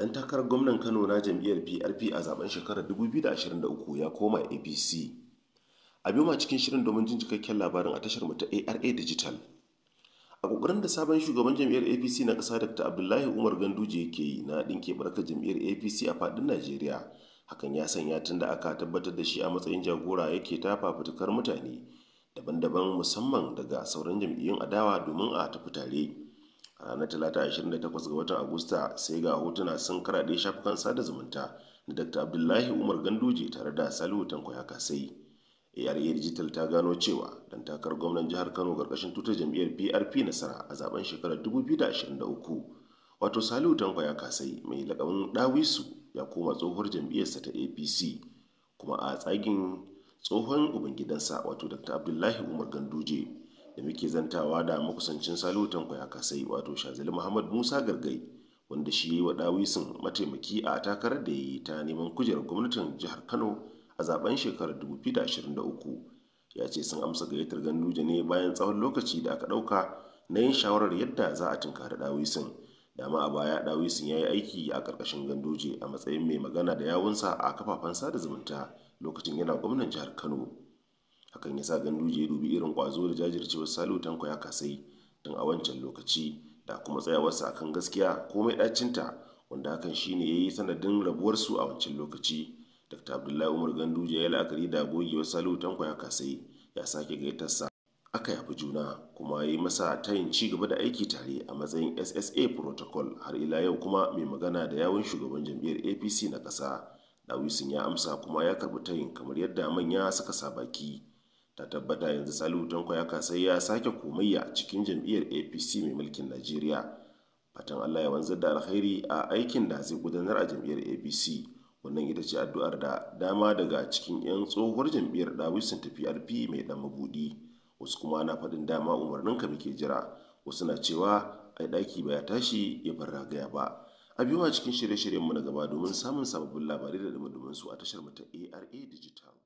dan takarar gwamnan kano na jam'iyyar prp a zaben shekarar 2023 ya koma apc a biyu cikin shirin domin jin cikakken labarin a tashar mu ta ara digital a kokarin da sabon shugaban jam'iyyar apc na kasa dr abdullahi umar ganduje yake yi na ɗinke barkar jam'iyyar apc a faɗin najeriya hakan ya sanya tun da aka tabbatar da shi a matsayin jagora yake ta fafutukar mutane daban-daban musamman daga sauran jam'iyyun adawa domin a tafi tare a ranar talata 28 ga watan agusta sai ga hotuna sun karaɗe shafukan sada zumunta da dr abdullahi umar ganduje tare da salihu tankwaya kasai ARA Digital ta gano cewa dan takar gwamnan jihar Kano karkashin tutar jam'iyyar PRP nasara a zaben shekarar 2023 wato Salihu Tanko ya kasai mai lakabin Dawisu ya koma tsohuwar jam'iyyarsa ta APC kuma a tsagin tsohon ubangidansa wato Dr. Abdullahi Umar Ganduje da muke zantawa da makusancin salihu ya kasai wato shazali muhammad musa gargai wanda shi yi wa dawisin mataimaki a takarar da ya yi ta neman kujerar gwamnatin jihar kano a zaben shekarar 2023 ya ce sun amsa gayyatar ganduje ne bayan tsawon lokaci da aka ɗauka na yin shawarar yadda za a tunkari dawisin dama a baya dawisin ya yi aiki a ƙarƙashin ganduje a matsayin mai magana da yawunsa a kafafen sada zumunta lokacin yana gwamnan jihar kano hakan ya sa ganduje ya dubi irin kwazo da jajircewar salo tanko ya kasai don a wancan lokaci da kuma tsayawarsa akan gaskiya komai ɗacinta wanda hakan shine ya yi sanadin rabuwarsu a wancan lokaci dr abdullahi umar ganduje ya yi la'akari da gogewar salo tanko ya kasai ya sake gaitarsa aka yafi juna kuma ya yi masa tayin ci gaba da aiki tare a matsayin ssa protocol har ila yau kuma mai magana da yawun shugaban jam'iyyar apc na ƙasa dawisin ya amsa kuma ya karɓi tayin kamar yadda manya suka sa baki ta tabbata yanzu salihu tanko ya kasai ya sake komayya cikin jam'iyyar apc mai mulkin najeriya fatan allah ya wanzar da alkhairi a aikin da zai gudanar a jam'iyyar apc wannan ita ce addu'ar da dama daga cikin 'yan tsohuwar jam'iyyar dawisun tafi rp mai dan mabuɗi wasu kuma na faɗin dama umarnin ka muke jira wasu na cewa ai ɗaki ba ya tashi ya bar ragaya ba a a cikin shirye-shiryenmu na gaba domin samun sababbin labarai da dama su a tashar mu ta ara digital